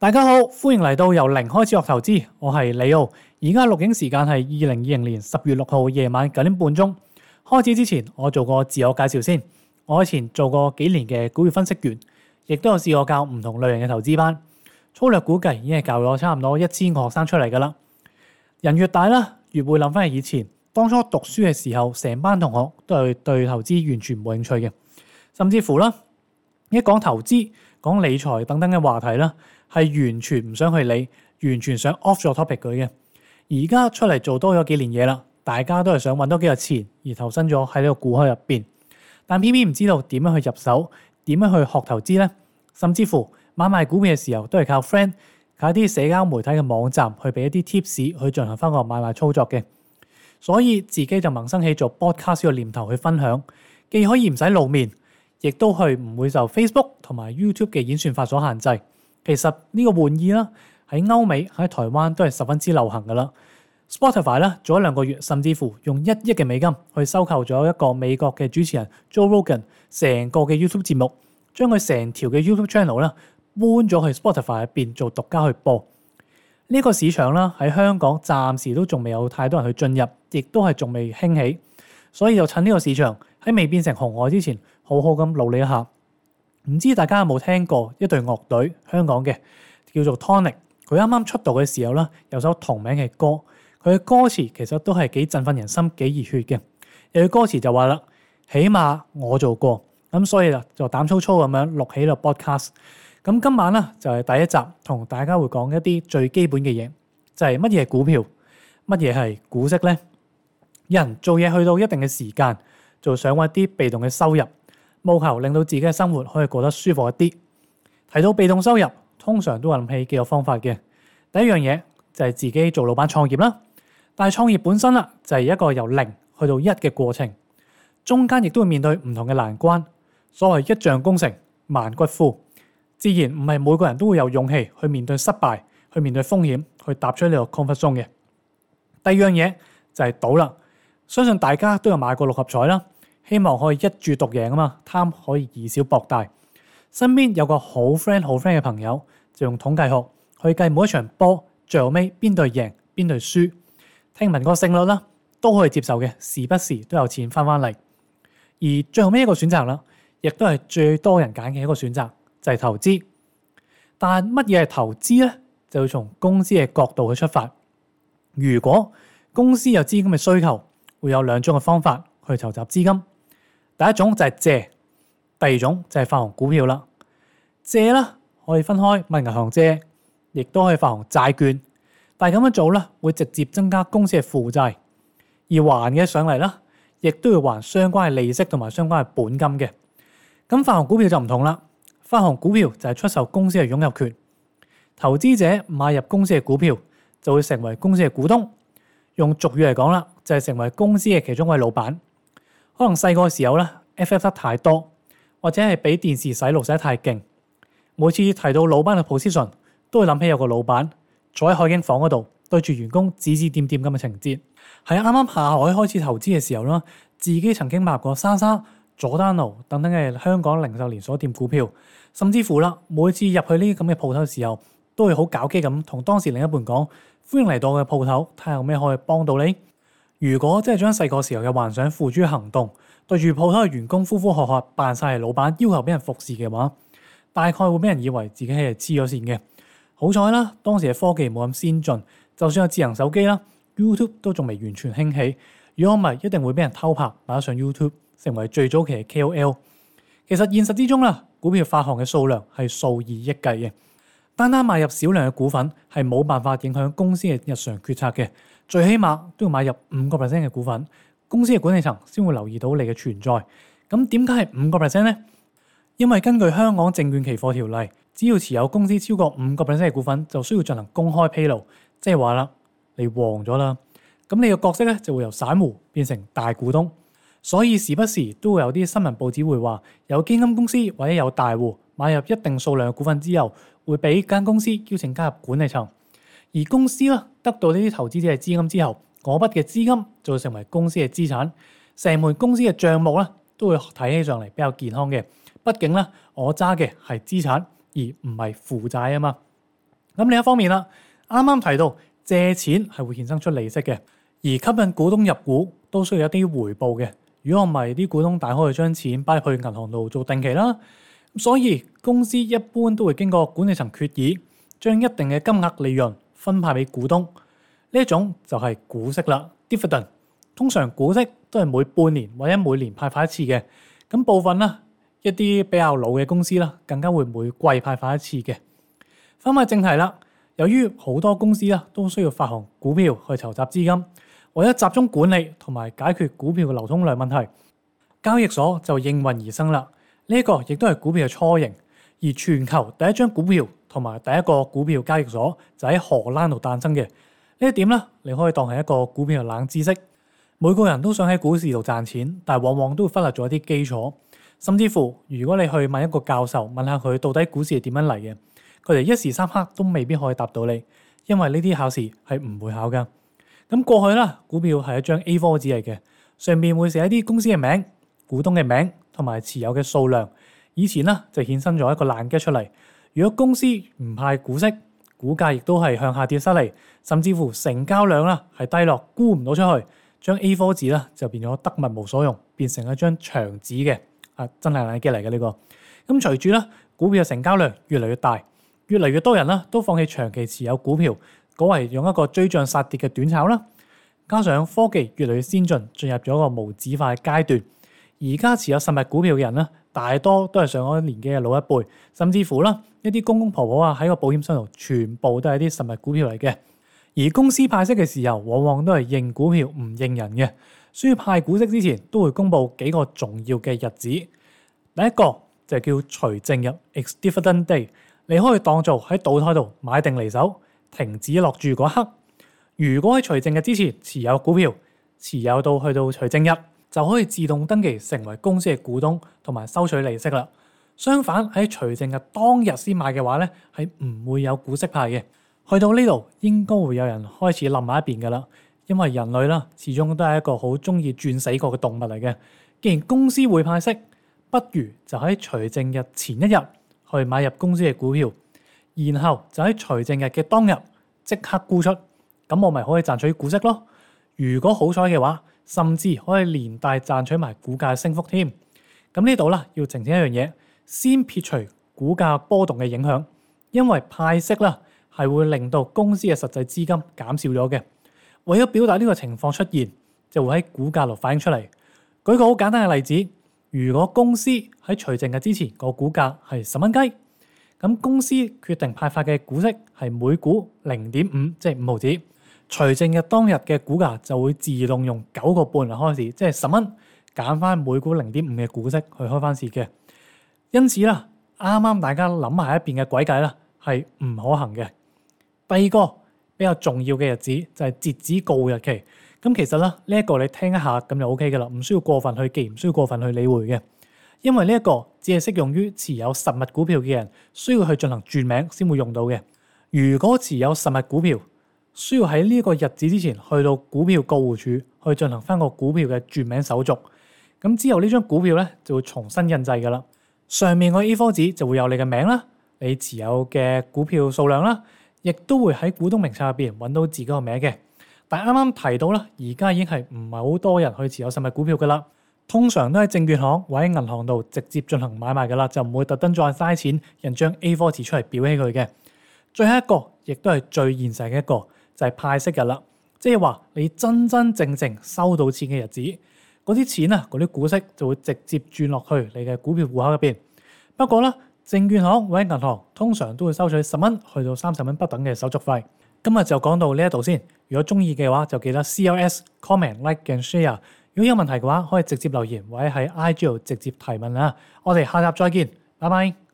大家好，歡迎嚟到由零開始學投資。我係李奧，而家錄影時間係二零二零年十月六號夜晚九點半鐘。開始之前，我做個自我介紹先。我以前做過幾年嘅股票分析員，亦都有試過教唔同類型嘅投資班。粗略估計已經係教咗差唔多一千個學生出嚟噶啦。人越大啦，越會諗翻起以前當初讀書嘅時候，成班同學都係對投資完全冇興趣嘅，甚至乎啦，一講投資、講理財等等嘅話題啦。係完全唔想去理，完全想 off 咗 topic 佢嘅。而家出嚟做多咗幾年嘢啦，大家都係想揾多幾日錢，而投身咗喺呢個股票入邊。但偏偏唔知道點樣去入手，點樣去學投資呢？甚至乎買賣股票嘅時候都係靠 friend，靠一啲社交媒體嘅網站去俾一啲 tips 去進行翻個買賣操作嘅。所以自己就萌生起做 broadcast 嘅念頭去分享，既可以唔使露面，亦都係唔會受 Facebook 同埋 YouTube 嘅演算法所限制。其實呢個玩意啦，喺歐美、喺台灣都係十分之流行噶啦 Sp。Spotify 咧做咗兩個月，甚至乎用一億嘅美金去收購咗一個美國嘅主持人 Joe Rogan 成個嘅 YouTube 節目，將佢成條嘅 YouTube channel 啦搬咗去 Spotify 入邊做獨家去播。呢、呢個市場啦喺香港暫時都仲未有太多人去進入，亦都係仲未興起，所以就趁呢個市場喺未變成紅海之前，好好咁努力一下。唔知大家有冇聽過一隊樂隊，香港嘅叫做 Tonic 佢啱啱出道嘅時候咧，有首同名嘅歌。佢嘅歌詞其實都係幾振奮人心、幾熱血嘅。有句歌詞就話啦：，起碼我做過。咁所以啦，就膽粗粗咁樣錄起嚟 Podcast。咁今晚咧就係第一集，同大家會講一啲最基本嘅嘢，就係乜嘢股票，乜嘢係股息咧？人做嘢去到一定嘅時間，就想搵一啲被動嘅收入。務求令到自己嘅生活可以過得舒服一啲。提到被動收入，通常都會諗起幾個方法嘅。第一樣嘢就係、是、自己做老闆創業啦。但係創業本身啦，就係一個由零去到一嘅過程，中間亦都會面對唔同嘅難關。所謂一將功成萬骨枯，自然唔係每個人都會有勇氣去面對失敗，去面對風險，去踏出呢個 comfort zone 嘅。第二樣嘢就係賭啦。相信大家都有買過六合彩啦。希望可以一注獨贏啊嘛，貪可以以小博大。身邊有個好 friend，好 friend 嘅朋友，就用統計學去計每一場波，最後尾邊隊贏邊隊輸，聽聞個勝率啦，都可以接受嘅，時不時都有錢翻翻嚟。而最後尾一個選擇啦，亦都係最多人揀嘅一個選擇，就係投資。但乜嘢係投資咧？就要從公司嘅角度去出發。如果公司有資金嘅需求，會有兩種嘅方法去籌集資金。第一種就係借，第二種就係發行股票啦。借啦，可以分開問銀行借，亦都可以發行債券。但係咁樣做咧，會直接增加公司嘅負債，而還嘅上嚟啦，亦都要還相關嘅利息同埋相關嘅本金嘅。咁發行股票就唔同啦，發行股票就係出售公司嘅擁有權。投資者買入公司嘅股票，就會成為公司嘅股東。用俗語嚟講啦，就係成為公司嘅其中一位老闆。可能細個嘅時候咧，F F 得太多，或者係俾電視洗腦洗得太勁。每次提到老闆嘅 position，都會諗起有個老闆坐喺海景房嗰度，對住員工指指點點咁嘅情節。喺啱啱下海開始投資嘅時候啦，自己曾經買過莎莎、佐丹奴等等嘅香港零售連鎖店股票，甚至乎啦，每次入去呢啲咁嘅鋪頭嘅時候，都會好搞基咁同當時另一半講：歡迎嚟到我嘅鋪頭，睇下有咩可以幫到你。如果真係將細個時候嘅幻想付諸行動，對住鋪頭嘅員工呼呼喝喝，扮晒係老闆要求俾人服侍嘅話，大概會俾人以為自己係黐咗線嘅。好彩啦，當時嘅科技冇咁先進，就算有智能手機啦，YouTube 都仲未完全興起，如果唔係，一定會俾人偷拍，擺上 YouTube，成為最早期嘅 KOL。其實現實之中啦，股票發行嘅數量係數以億計嘅，單單買入少量嘅股份係冇辦法影響公司嘅日常決策嘅。最起碼都要買入五個 percent 嘅股份，公司嘅管理層先會留意到你嘅存在。咁點解係五個 percent 咧？因為根據香港證券期貨條例，只要持有公司超過五個 percent 嘅股份，就需要進行公開披露，即係話啦，你黃咗啦。咁你嘅角色咧就會由散戶變成大股東，所以時不時都會有啲新聞報紙會話有基金公司或者有大戶買入一定數量嘅股份之後，會俾間公司邀請加入管理層。而公司咧得到呢啲投資者嘅資金之後，嗰筆嘅資金就會成為公司嘅資產，成門公司嘅帳目咧都會睇起上嚟比較健康嘅。畢竟咧，我揸嘅係資產而唔係負債啊嘛。咁另一方面啦，啱啱提到借錢係會衍生出利息嘅，而吸引股東入股都需要一啲回報嘅。如果唔係，啲股東大可以將錢擺去銀行度做定期啦。所以公司一般都會經過管理層決議，將一定嘅金額利潤。分派俾股東，呢一種就係股息啦，dividend，通常股息都係每半年或者每年派發一次嘅。咁部分啦，一啲比較老嘅公司啦，更加會每季派發一次嘅。翻返正題啦，由於好多公司啦都需要發行股票去籌集資金，為咗集中管理同埋解決股票嘅流通量問題，交易所就應運而生啦。呢個亦都係股票嘅雛形，而全球第一張股票。同埋第一個股票交易所就喺荷蘭度誕生嘅。呢一點咧，你可以當係一個股票冷知識。每個人都想喺股市度賺錢，但係往往都會忽略咗一啲基礎，甚至乎如果你去問一個教授，問下佢到底股市係點樣嚟嘅，佢哋一時三刻都未必可以答到你，因為呢啲考試係唔會考㗎。咁過去啦，股票係一張 A4 紙嚟嘅，上面會寫一啲公司嘅名、股東嘅名同埋持有嘅數量。以前咧就衍生咗一個冷嘅出嚟。如果公司唔派股息，股價亦都係向下跌失利，甚至乎成交量啦係低落，沽唔到出去，將 A4 紙啦就變咗得物無所用，變成一張牆紙嘅，啊真係冷機嚟嘅呢個。咁隨住咧股票嘅成交量越嚟越大，越嚟越多人啦都放棄長期持有股票，改為用一個追漲殺跌嘅短炒啦。加上科技越嚟越先進，進入咗一個無紙化嘅階段，而家持有實物股票嘅人啦。大多都係上咗年紀嘅老一輩，甚至乎啦一啲公公婆婆，婆啊喺個保險箱度，全部都係啲實物股票嚟嘅。而公司派息嘅時候，往往都係認股票唔認人嘅。所以派股息，息之前，都會公布幾個重要嘅日子。第一個就叫除淨日 （Ex-dividend day），你可以當做喺賭枱度買定離手，停止落注嗰刻。如果喺除淨日之前持有股票，持有到去到除淨日。就可以自動登記成為公司嘅股東同埋收取利息啦。相反，喺除淨日當日先買嘅話咧，係唔會有股息派嘅。去到呢度應該會有人開始諗埋一邊噶啦，因為人類啦始終都係一個好中意轉死過嘅動物嚟嘅。既然公司會派息，不如就喺除淨日前一日去買入公司嘅股票，然後就喺除淨日嘅當日即刻沽出，咁我咪可以賺取股息咯。如果好彩嘅話，甚至可以連帶賺取埋股價升幅添。咁呢度啦，要澄清一樣嘢，先撇除股價波動嘅影響，因為派息啦係會令到公司嘅實際資金減少咗嘅。為咗表達呢個情況出現，就會喺股價度反映出嚟。舉個好簡單嘅例子，如果公司喺除淨嘅之前個股價係十蚊雞，咁公司決定派發嘅股息係每股零點五，即係五毫子。除淨日當日嘅股價就會自動用九個半嚟開市，即係十蚊減翻每股零點五嘅股息去開翻市嘅。因此啦，啱啱大家諗埋一邊嘅鬼計啦，係唔可行嘅。第二個比較重要嘅日子就係、是、截止告日期。咁其實咧，呢一個你聽一下咁就 OK 㗎喇，唔需要過分去記，唔需要過分去理會嘅。因為呢一個只係適用於持有實物股票嘅人需要去進行轉名先會用到嘅。如果持有實物股票，需要喺呢一個日子之前去到股票過戶處去進行翻個股票嘅轉名手續，咁之後呢張股票咧就會重新印製嘅啦。上面個 A4 紙就會有你嘅名啦，你持有嘅股票數量啦，亦都會喺股東名冊入邊揾到自己個名嘅。但係啱啱提到啦，而家已經係唔係好多人去持有實物股票嘅啦，通常都喺證券行或者銀行度直接進行買賣嘅啦，就唔會特登再嘥錢印張 A4 紙出嚟裱起佢嘅。最後一個亦都係最現實嘅一個。就係派息日啦，即係話你真真正正收到錢嘅日子，嗰啲錢啊，嗰啲股息就會直接轉落去你嘅股票戶口入邊。不過咧，證券行或者銀行通常都會收取十蚊去到三十蚊不等嘅手續費。今日就講到呢一度先。如果中意嘅話，就記得 CLS comment like and share。如果有問題嘅話，可以直接留言或者喺 I G 直接提問啊。我哋下集再見，拜拜。